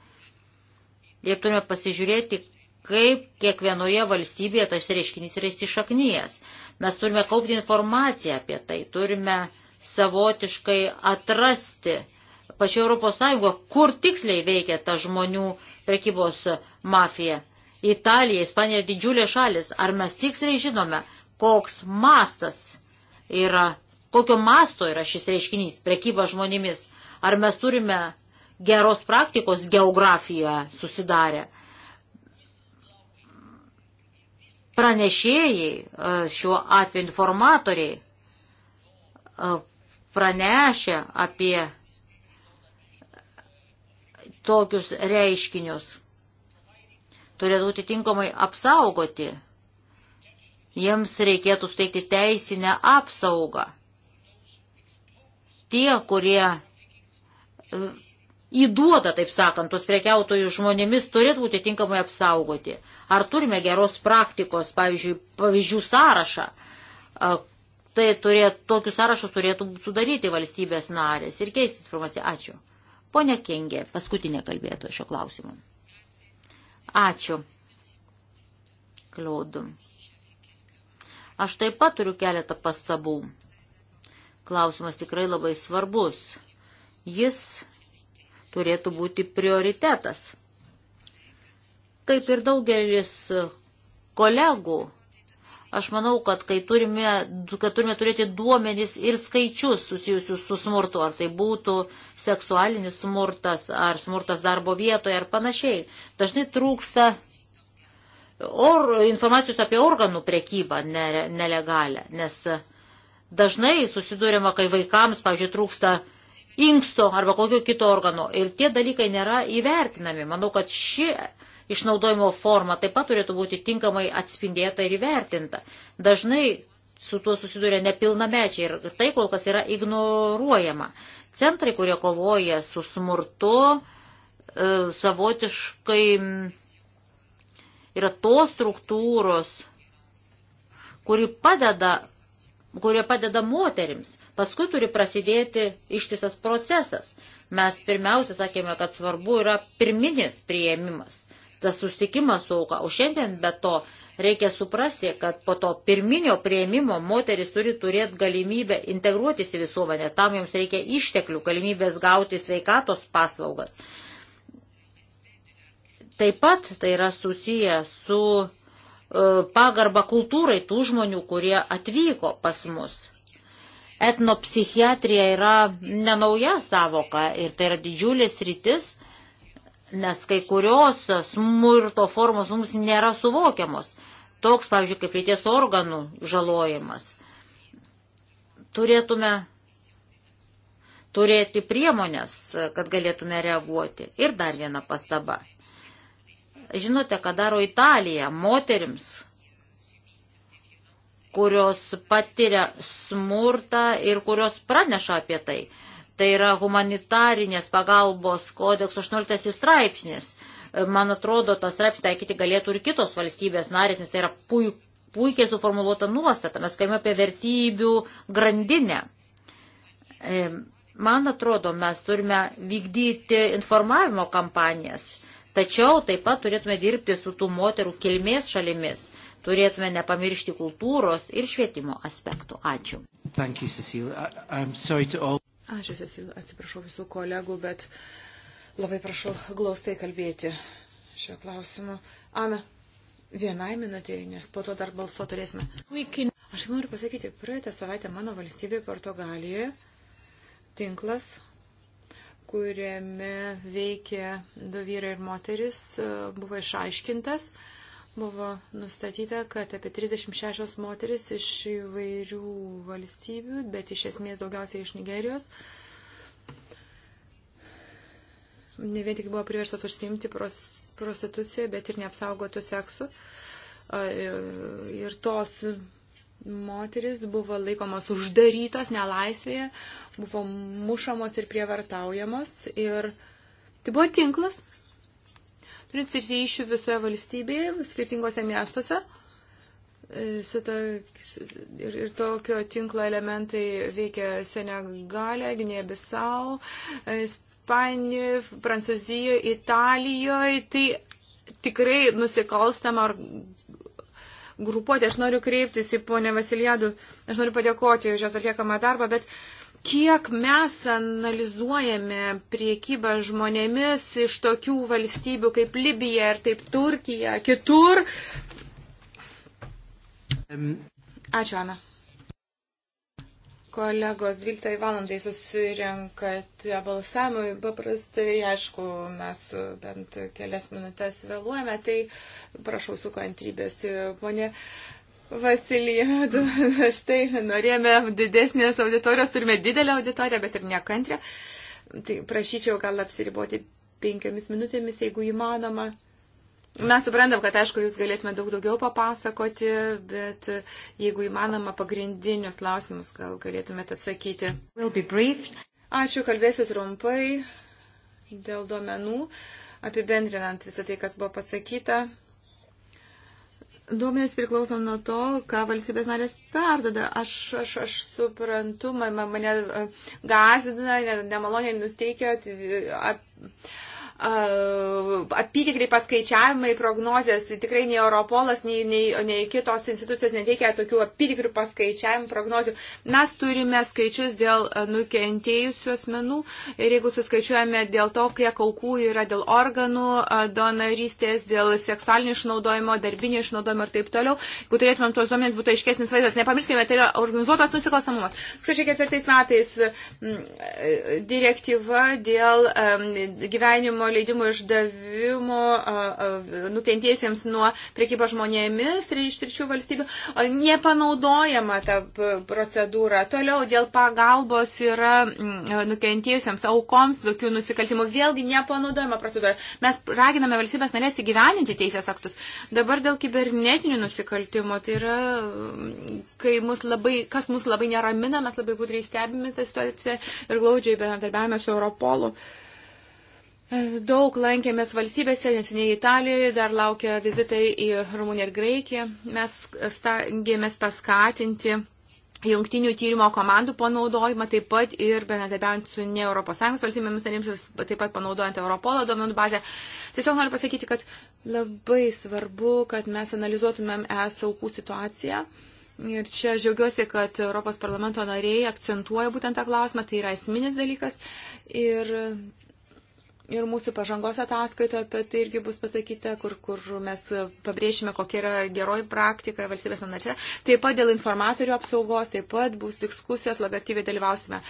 Ir turime pasižiūrėti, kaip kiekvienoje valstybėje tas reiškinys yra įsišaknyjas. Mes turime kaupti informaciją apie tai, turime savotiškai atrasti pačio Europos Sąjungo, kur tiksliai veikia ta žmonių prekybos mafija. Italija, Ispanija ir didžiulė šalis. Ar mes tiksliai žinome, koks mastas yra, kokio masto yra šis reiškinys, prekyba žmonėmis? Ar mes turime geros praktikos geografiją susidarę? Pranešėjai, e, šiuo atveju informatoriai, e, pranešę apie tokius reiškinius. Turėtų atitinkamai apsaugoti. Jiems reikėtų steigti teisinę apsaugą. Tie, kurie e, įduoda, taip sakant, tos prekiautojų žmonėmis turėtų būti tinkamai apsaugoti. Ar turime geros praktikos, pavyzdžiui, pavyzdžių sąrašą, e, Tai turėtų, tokius sąrašus turėtų sudaryti valstybės narės ir keisti informaciją. Ačiū. Pone Kengė, paskutinė kalbėtoja šio klausimu. Ačiū. Kliaudu. Aš taip pat turiu keletą pastabų. Klausimas tikrai labai svarbus. Jis turėtų būti prioritetas. Kaip ir daugelis kolegų, Aš manau, kad, turime, kad turime turėti duomenys ir skaičius susijusius su smurtu, ar tai būtų seksualinis smurtas, ar smurtas darbo vietoje, ar panašiai. Dažnai trūksta or, informacijos apie organų prekybą ne, nelegalę, nes dažnai susidurima, kai vaikams, pavyzdžiui, trūksta inksto arba kokio kito organo ir tie dalykai nėra įvertinami. Manau, kad ši išnaudojimo forma taip pat turėtų būti tinkamai atspindėta ir įvertinta. Dažnai su tuo susiduria nepilnamečiai ir tai kol kas yra ignoruojama. Centrai, kurie kovoja su smurtu, e, savotiškai yra tos struktūros, kuri padeda, kurie padeda moterims. Paskui turi prasidėti ištisas procesas. Mes pirmiausia sakėme, kad svarbu yra pirminis prieimimas tas sustikimas su auka. O šiandien be to reikia suprasti, kad po to pirminio prieimimo moteris turi turėti galimybę integruotis į visuomenę. Tam joms reikia išteklių, galimybės gauti sveikatos paslaugas. Taip pat tai yra susiję su e, pagarba kultūrai tų žmonių, kurie atvyko pas mus. Etnopsichiatrija yra nenauja savoka ir tai yra didžiulis rytis, nes kai kurios smurto formos mums nėra suvokiamos. Toks, pavyzdžiui, kaip lyties organų žalojimas. Turėtume turėti priemonės, kad galėtume reaguoti. Ir dar viena pastaba. Žinote, ką daro Italija moterims, kurios patiria smurtą ir kurios praneša apie tai. Tai yra humanitarinės pagalbos kodekso 18 straipsnis. Man atrodo, tas straipsnis taikyti galėtų ir kitos valstybės narės, nes tai yra puiku puikiai suformuoluota nuostata, mes kalbame apie vertybių grandinę. E, man atrodo, mes turime vykdyti informavimo kampanijas, tačiau taip pat turėtume dirbti su tų moterų kilmės šalimis, turėtume nepamiršti kultūros ir švietimo aspektų. Ačiū. You, all... Aš atsiprašau visų kolegų, bet labai prašau glaustai kalbėti šio klausimu. Ana, vienai minutėjai, nes po to dar balso turėsime. Aš tik noriu pasakyti, praeitą savaitę mano valstybė Portugalijoje tinklas, kuriame veikė du vyrai ir moteris, buvo išaiškintas buvo nustatyta, kad apie 36 moteris iš įvairių valstybių, bet iš esmės daugiausiai iš Nigerijos, ne vien tik buvo priverstos užsiimti prostituciją, bet ir neapsaugotų seksų. E, ir tos moteris buvo laikomos uždarytos nelaisvėje, buvo mušamos ir prievartaujamos. Ir tai buvo tinklas, turint ryšių visoje valstybėje, skirtingose miestuose. E, su to, ir, ir tokio tinklo elementai veikia Senegalė, Gynėja Bisau, e, Ispanijoje, Prancūzijoje, Italijoje. Tai tikrai nusikalstama grupuotė. Aš noriu kreiptis į ponę Vasiliadų, aš noriu padėkoti už jos atliekamą darbą, bet uh, kiek mes analizuojame priekybą žmonėmis iš tokių valstybių kaip Libija ir taip Turkija, kitur. Ačiū, Ana. Kolegos, 12 valandai susirenkate balsavimui, paprastai, aišku, mes bent kelias minutės vėluojame, tai prašau su kantrybės, ponė. Uh, Vasilijadu, štai norėjome didesnės auditorijos, turime didelę auditoriją, bet ir nekantrę. Tai prašyčiau gal apsiriboti penkiomis minutėmis, jeigu įmanoma. Mes suprantam, kad aišku, jūs galėtume daug daugiau papasakoti, bet jeigu įmanoma, pagrindinius klausimus gal galėtumėte atsakyti. Ačiū, kalbėsiu trumpai dėl duomenų, apibendrinant visą tai, kas buvo pasakyta. Duomenys priklauso nuo to, ką valstybės narės perdoda. Aš, aš, aš suprantu, man, mane e, gazina, nemaloniai nuteikia. At, at, apytikriai paskaičiavimai, prognozės, tikrai nei Europolas, nei, nei, nei kitos institucijos neteikia tokių apytikrių paskaičiavimų, prognozių. Mes turime skaičius dėl nukentėjusių asmenų ir jeigu suskaičiuojame dėl to, kiek aukų yra dėl organų donorystės, dėl seksualinio išnaudojimo, darbinio išnaudojimo ir taip toliau, jeigu turėtumėm tuos duomenys, būtų aiškesnis vaizdas. Nepamirškime, tai yra organizuotas nusikalstamumas. 2004 metais direktyva dėl gyvenimo leidimo išdavimo nukentiesiems nuo priekybos žmonėmis iš trečių valstybių. Nepanaudojama ta procedūra. Toliau dėl pagalbos yra nukentiesiems aukoms tokių nusikaltimų. Vėlgi nepanaudojama procedūra. Mes raginame valstybės narės įgyveninti teisės aktus. Dabar dėl kibernetinių nusikaltimų. Tai yra, kai mus labai, kas mus labai neramina, mes labai gudriai stebime tą situaciją ir glaudžiai bendradarbiavame su Europolu. Uh, Daug lankėmės valstybėse, nesiniai Italijoje, dar laukia vizitai į Rumuniją ir Graikiją. Mes stengiamės paskatinti jungtinių tyrimo komandų panaudojimą, taip pat ir bendradarbiaujant su ne ES valstybėmis narėms, taip pat panaudojant Europolo duomenų bazę. Tiesiog noriu pasakyti, kad labai svarbu, kad mes analizuotumėm ES aukų situaciją. Ir čia žiaugiuosi, kad Europos parlamento nariai akcentuoja būtent tą klausimą, tai yra esminis dalykas. Ir Ir mūsų pažangos ataskaitoje apie tai irgi bus pasakyta, kur, kur mes pabrėšime, kokia yra geroji praktika valstybės narėse. Taip pat dėl informatorių apsaugos, taip pat bus diskusijos, labai aktyviai dalyvausime.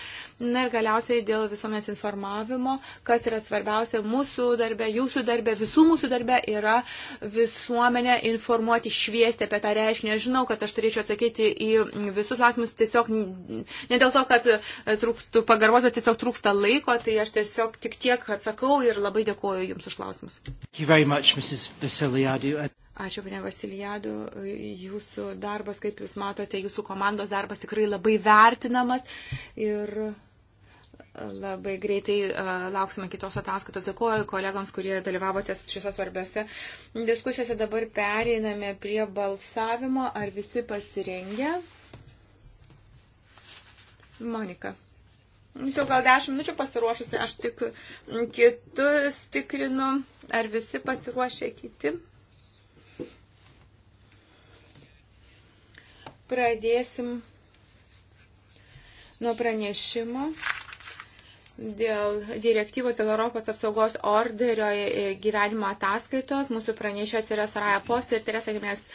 Na ir galiausiai dėl visuomenės informavimo, kas yra svarbiausia mūsų darbe, jūsų darbe, visų mūsų darbe yra visuomenė informuoti, šviesti apie tą reiškinį. Aš žinau, kad aš turėčiau atsakyti į visus klausimus tiesiog ne dėl to, kad e, trūkstų pagarbos, bet tiesiog trūksta laiko, tai aš tiesiog tik tiek atsakau atsakau ir labai dėkuoju Jums už klausimus. Ačiū, ponia Vasilijadu. Jūsų darbas, kaip Jūs matote, Jūsų komandos darbas tikrai labai vertinamas. Ir labai greitai e, lauksime kitos ataskaitos. Dėkuoju kolegams, kurie dalyvavote šiose svarbiose diskusijose. Dabar pereiname prie balsavimo. Ar visi pasirengę? Monika jau gal 10 minučių pasiruošusi, aš tik kitus tikrinu, ar visi pasiruošę kiti. Pradėsim nuo pranešimo dėl direktyvos dėl Europos apsaugos orderio gyvenimo ataskaitos. Mūsų pranešės yra Saraja Post ir Teresa Gimės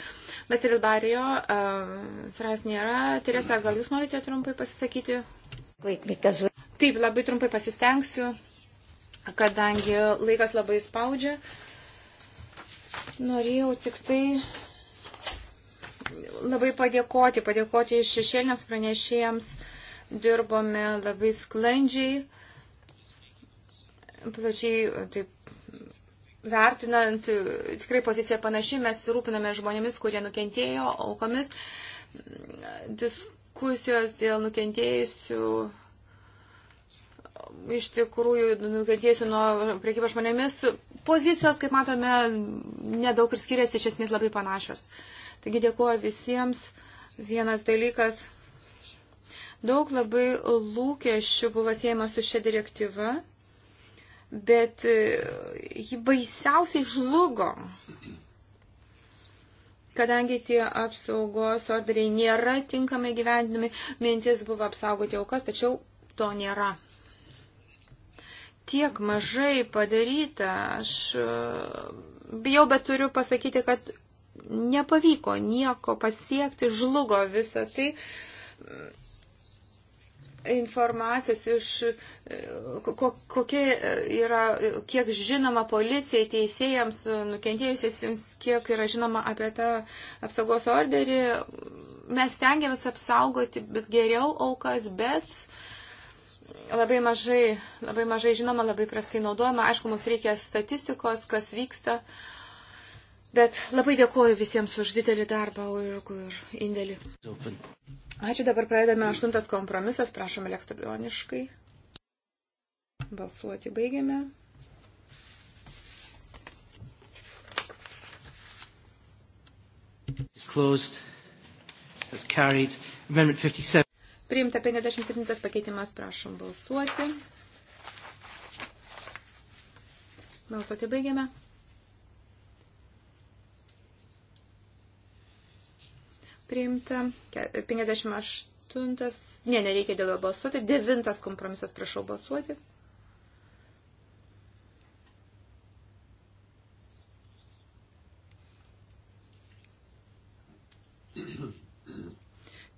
Vasilil Barijo. Uh, Sarajas nėra. Teresa, gal jūs norite trumpai pasisakyti? Taip, labai trumpai pasistengsiu, kadangi laikas labai spaudžia. Norėjau tik tai labai padėkoti, padėkoti šešėliniams pranešėjams. Dirbome labai sklandžiai, plačiai taip vertinant, tikrai pozicija panaši, mes rūpiname žmonėmis, kurie nukentėjo aukomis. Dis, diskusijos dėl nukentėjusių iš tikrųjų nukentėjusių nuo priekybos žmonėmis pozicijos, kaip matome, nedaug ir skiriasi, iš esmės labai panašios. Taigi dėkuoju visiems. Vienas dalykas. Daug labai lūkesčių buvo siejama su šia direktyva, bet ji baisiausiai žlugo kadangi tie apsaugos orderiai nėra tinkamai gyvendinami, mintis buvo apsaugoti aukas, tačiau to nėra. Tiek mažai padaryta, aš e, bijau, bet turiu pasakyti, kad nepavyko nieko pasiekti, žlugo visą tai informacijos iš kokie yra, kiek žinoma policijai, teisėjams, nukentėjusiesiems, kiek yra žinoma apie tą apsaugos orderį. Mes tengiamės apsaugoti bet geriau aukas, bet labai mažai, labai mažai žinoma, labai prastai naudojama. Aišku, mums reikia statistikos, kas vyksta. Bet labai dėkuoju visiems už didelį darbą ir indėlį. Ačiū, dabar pradedame aštuntas kompromisas, prašom elektroniškai. Balsuoti baigiame. Closed. That's carried. Amendment 57. Priimta 57 pakeitimas, prašom balsuoti. Balsuoti baigiame. priimta. 58. Ne, nereikia dėl jo balsuoti. 9 kompromisas prašau balsuoti.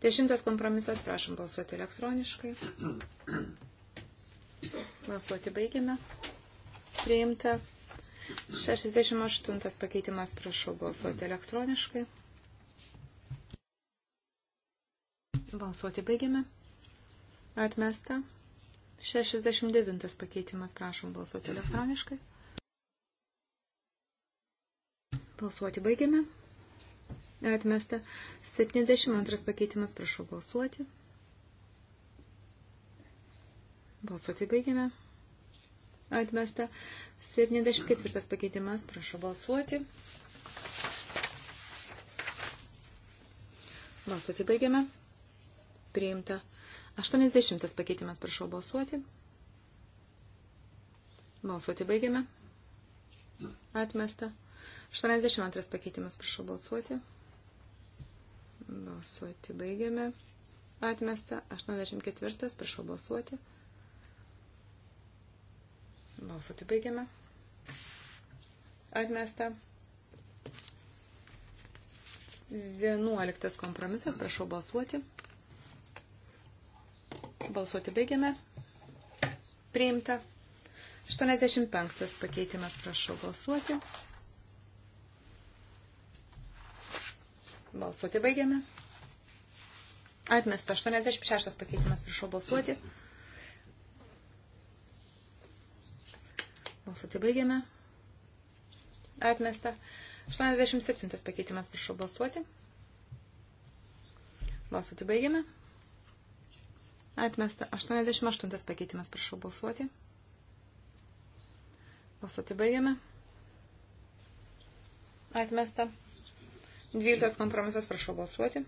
Dešimtas kompromisas, prašom balsuoti elektroniškai. Balsuoti baigiame. Priimta. 68 pakeitimas, prašau balsuoti elektroniškai. Balsuoti baigiame. Atmesta. 69 pakeitimas. Prašom balsuoti elektroniškai. Balsuoti baigiame. Atmesta. 72 pakeitimas. Prašau balsuoti. Balsuoti baigiame. Atmesta. 74 pakeitimas. Prašau balsuoti. Balsuoti baigiame priimta. 80 pakeitimas, prašau balsuoti. Balsuoti baigiame. Atmesta. 82 pakeitimas, prašau balsuoti. Balsuoti baigiame. Atmesta. 84, prašau balsuoti. Balsuoti baigiame. Atmesta. 11 kompromisas, prašau balsuoti. Balsuoti baigiame. Priimta. 85 pakeitimas, prašau balsuoti. Balsuoti baigiame. Atmesta 86 pakeitimas, prašau balsuoti. Balsuoti baigiame. Atmesta 87 pakeitimas, prašau balsuoti. Balsuoti baigiame. Atmesta 88 pakeitimas, prašau balsuoti. Balsuoti baigiame. Atmesta. 12 kompromisas, prašau balsuoti.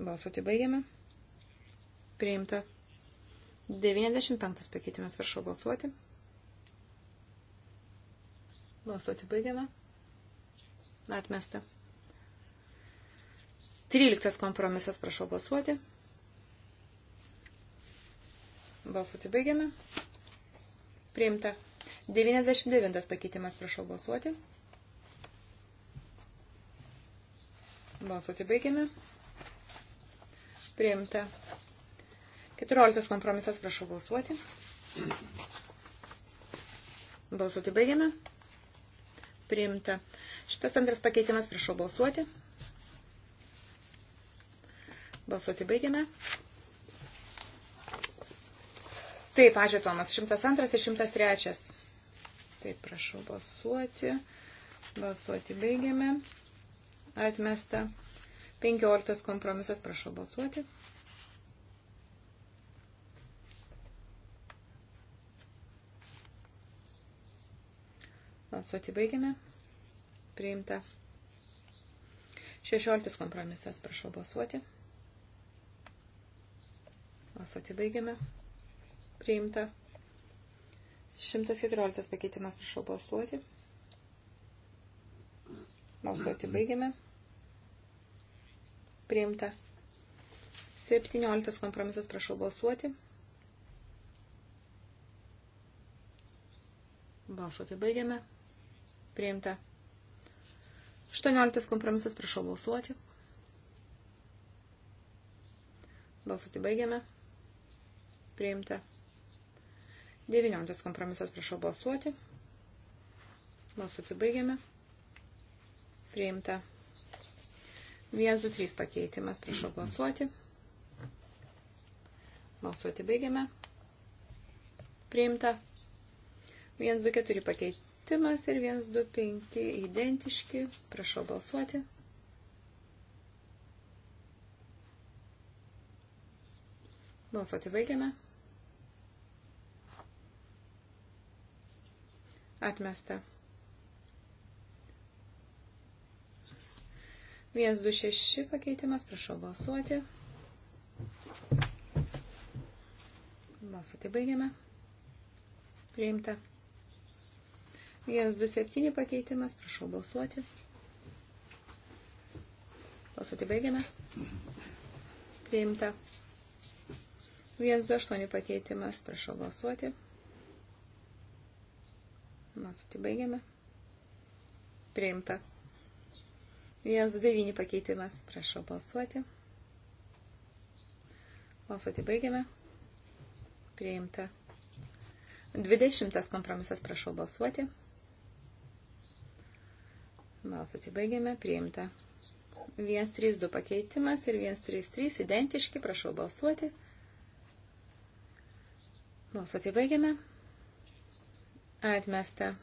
Balsuoti baigiame. Priimta. 95 pakeitimas, prašau balsuoti. Balsuoti baigiame. Atmesta. 13 kompromisas, prašau balsuoti. Balsuoti baigiame. Priimta. 99 pakeitimas, prašau balsuoti. Balsuoti baigiame. Priimta. 14 kompromisas, prašau balsuoti. Balsuoti baigiame. Priimta. Šitas antras pakeitimas, prašau balsuoti. Balsuoti baigiame. Taip, ačiū Tomas. 102 ir 103. Taip, prašau balsuoti. Balsuoti baigiame. Atmesta. 15 kompromisas, prašau balsuoti. Balsuoti baigiame. Priimta. 16 kompromisas, prašau balsuoti. Balsuoti baigiame. Priimta. 114 pakeitimas, prašau balsuoti. Balsuoti baigiame. Priimta. 17 kompromisas, prašau balsuoti. Balsuoti baigiame. Priimta. 18 kompromisas, prašau balsuoti. Balsuoti baigiame priimta. 19 kompromisas prašau balsuoti. Balsuoti baigiame. Priimta. 1, 2, 3 pakeitimas prašau balsuoti. Balsuoti baigiame. Priimta. 1, 2, 4 pakeitimas ir 1, 2, 5 identiški. Prašau balsuoti. Balsuoti baigiame. Atmesta. 126 pakeitimas, prašau balsuoti. Balsuoti baigiame. Priimta. 127 pakeitimas, prašau balsuoti. Balsuoti baigiame. Priimta. 128 pakeitimas, prašau balsuoti. Balsuoti baigiame. Priimta. 1-9 pakeitimas. Prašau balsuoti. Balsuoti baigiame. Priimta. 20 kompromisas. Prašau balsuoti. Balsuoti baigiame. Priimta. 1-3-2 pakeitimas ir 1-3-3 identiški. Prašau balsuoti. Balsuoti baigiame. Atmesta.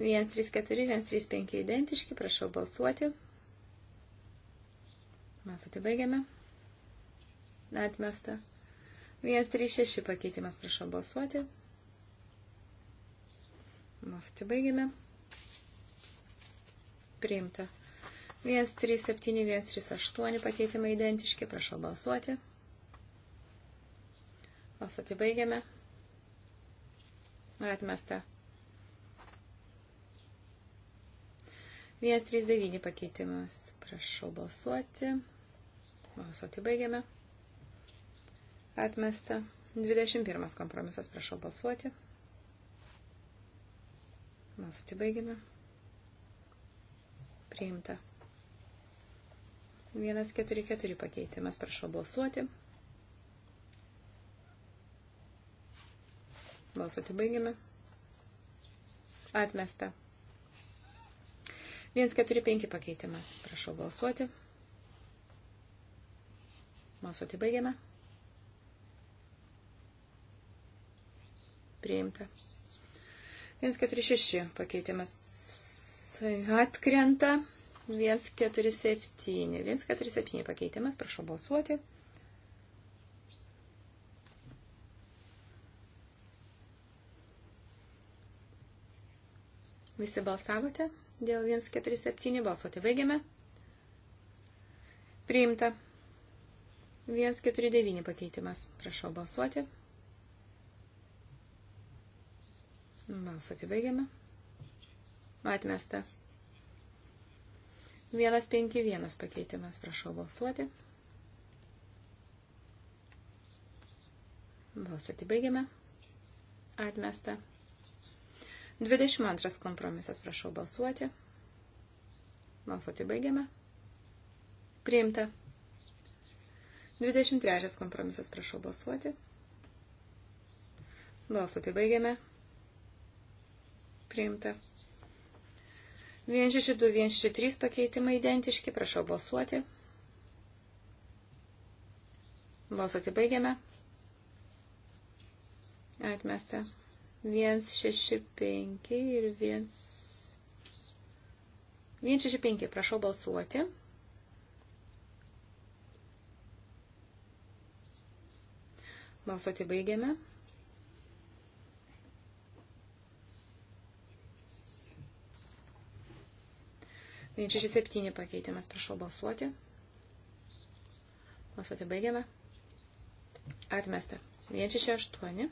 134, 135 identiški, prašau balsuoti. Mes atibaigiame. Atmesta. 136 pakeitimas, prašau balsuoti. Mes atibaigiame. Priimta. 137, 138 pakeitimai identiški, prašau balsuoti. Mes atibaigiame. Atmesta. 139 pakeitimas. Prašau balsuoti. Balsuoti baigiame. Atmesta. 21 kompromisas. Prašau balsuoti. Balsuoti baigiame. Priimta. 144 pakeitimas. Prašau balsuoti. Balsuoti baigiame. Atmesta. 145 pakeitimas. Prašau balsuoti. Balsuoti baigiame. Priimta. 146 pakeitimas. Atkrenta. 147. 147 pakeitimas. Prašau balsuoti. Visi balsavote? dėl 147 balsuoti. Baigiame. Priimta. 149 pakeitimas. Prašau balsuoti. Balsuoti baigiame. Atmesta. 151 pakeitimas. Prašau balsuoti. Balsuoti baigiame. Atmesta. 22 kompromisas, prašau balsuoti. Balsuoti baigiame. Priimta. 23 kompromisas, prašau balsuoti. Balsuoti baigiame. Priimta. 162, 163 pakeitimai identiški, prašau balsuoti. Balsuoti baigiame. Atmesta. 165 ir 1. 165, prašau balsuoti. Balsuoti baigiame. Vien 67 pakeitimas, prašau balsuoti. Balsuoti baigiame. Atmesta. Vien 68.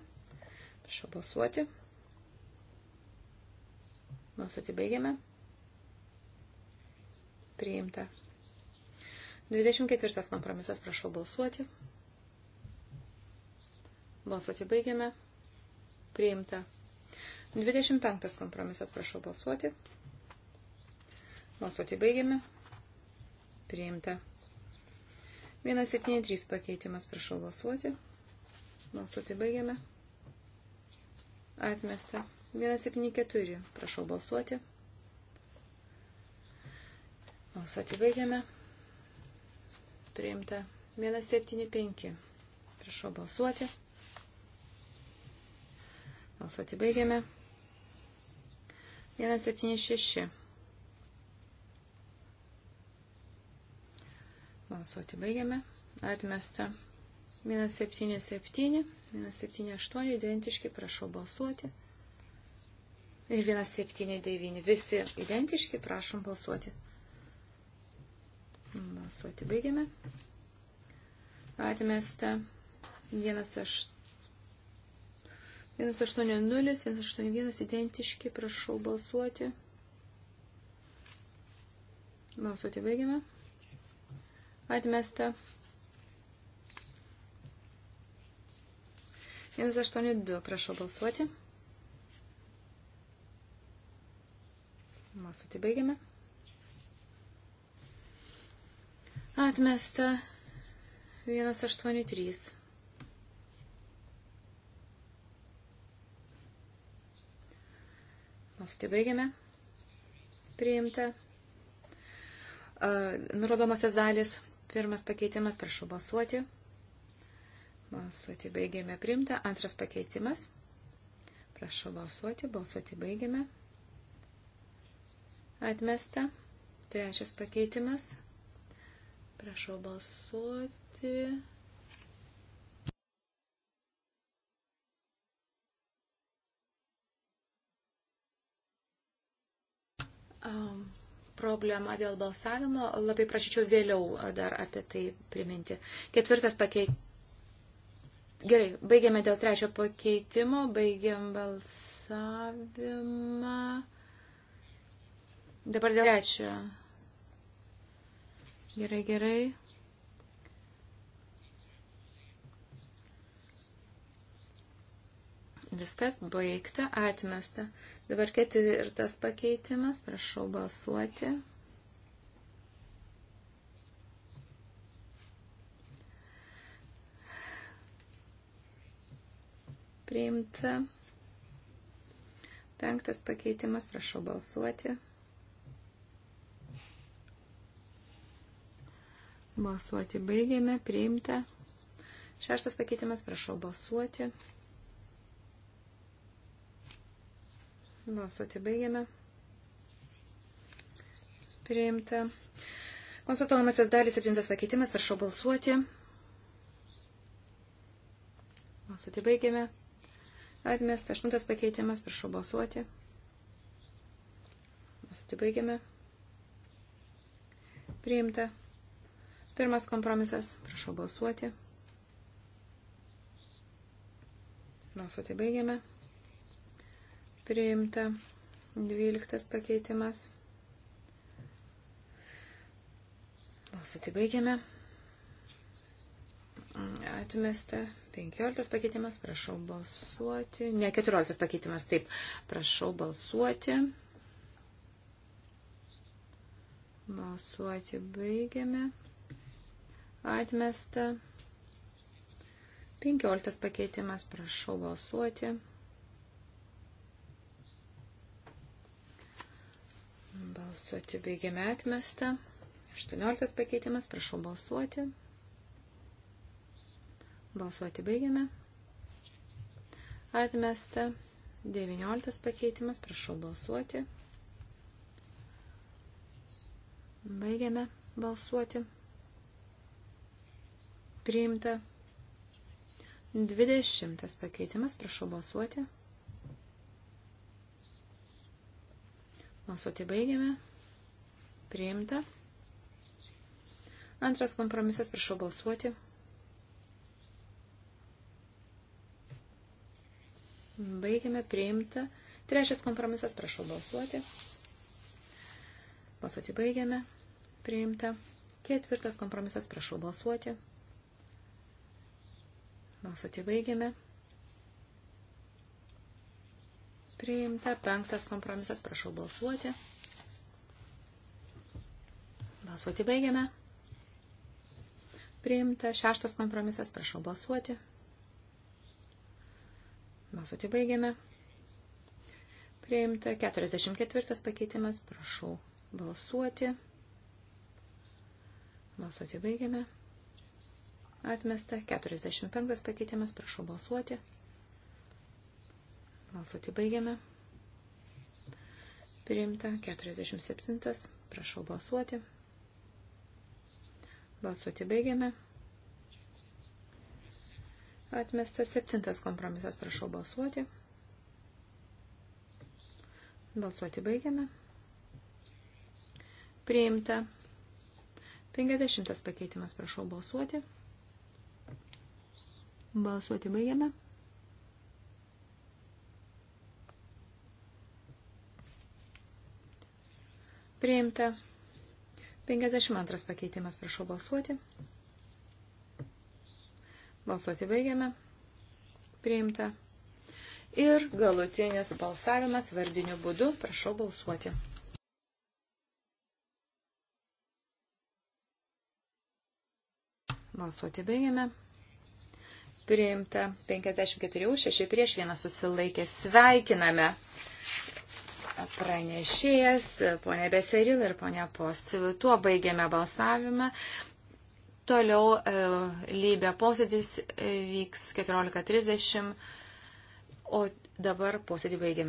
Prašau balsuoti. Balsuoti baigiame. Priimta. 24 kompromisas. Prašau balsuoti. Balsuoti baigiame. Priimta. 25 kompromisas. Prašau balsuoti. Balsuoti baigiame. Priimta. 173 pakeitimas. Prašau balsuoti. Balsuoti baigiame. Atmesta. 174. Prašau balsuoti. Balsuoti baigiame. Priimta. 175. Prašau balsuoti. Balsuoti baigiame. 176. Balsuoti baigiame. Atmesta. 177, 178 identiški, prašau balsuoti. Ir 179, visi identiški, prašom balsuoti. Balsuoti baigiame. Atmesta 180, 181 identiški, prašau balsuoti. Balsuoti baigiame. Atmesta 182. 182, prašau balsuoti. Masutį baigiame. Atmesta 183. Masutį baigiame. Priimta. Nurodomasias dalis. Pirmas pakeitimas, prašau balsuoti. Balsuoti baigėme primta. Antras pakeitimas. Prašau balsuoti. Balsuoti baigėme. Atmesta. Trečias pakeitimas. Prašau balsuoti. Um problema dėl balsavimo, labai prašyčiau vėliau dar apie tai priminti. Ketvirtas pakeit, Gerai, baigiame dėl trečio pakeitimo, baigiam balsavimą. Dabar dėl trečio. Gerai, gerai. Viskas baigta, atmesta. Dabar ketvirtas pakeitimas, prašau balsuoti. priimta. Penktas pakeitimas, prašau balsuoti. Balsuoti baigėme, priimta. Šeštas pakeitimas, prašau balsuoti. Balsuoti baigėme. Priimta. Konsultuojamasios dalys septintas pakeitimas, prašau balsuoti. Balsuoti baigėme. Atmesta. Aštuntas pakeitimas. Prašau balsuoti. Mes atibaigiame. Priimta. Pirmas kompromisas. Prašau balsuoti. Balsuoti baigiame. Priimta. Dvyliktas pakeitimas. Balsuoti baigiame. Atmesta. 15 pakeitimas, prašau balsuoti. Ne, 14 pakeitimas, taip. Prašau balsuoti. Balsuoti baigiame. Atmesta. 15 pakeitimas, prašau balsuoti. Balsuoti baigiame atmestą. 18 pakeitimas, prašau balsuoti. Balsuoti baigiame. Atmesta. 19 pakeitimas. Prašau balsuoti. Baigiame balsuoti. Priimta. 20 pakeitimas. Prašau balsuoti. Balsuoti baigiame. Priimta. Antras kompromisas. Prašau balsuoti. Baigiame priimta. Trečias kompromisas, prašau balsuoti. Balsuoti baigiame. Priimta. Ketvirtas kompromisas, prašau balsuoti. Balsuoti baigiame. Priimta. Penktas kompromisas, prašau balsuoti. Balsuoti baigiame. Priimta. Šeštas kompromisas, prašau balsuoti. Balsuoti baigiame. Priimta 44 pakeitimas. Prašau balsuoti. Balsuoti baigiame. Atmesta 45 pakeitimas. Prašau balsuoti. Balsuoti baigiame. Priimta 47. Prašau balsuoti. Balsuoti baigiame. Atmestas septintas kompromisas, prašau balsuoti. Balsuoti baigiame. Priimta. 50 pakeitimas, prašau balsuoti. Balsuoti baigiame. Priimta. 52 pakeitimas, prašau balsuoti. Balsuoti baigiame. Priimta. Ir galutinis balsavimas vardiniu būdu. Prašau balsuoti. Balsuoti baigiame. Priimta 54, 6 prieš 1 susilaikė. Sveikiname pranešėjas, ponė Beseril ir ponė Post. Tuo baigėme balsavimą. Toliau e, lybė posėdis e, vyks 14.30, o dabar posėdį baigiame.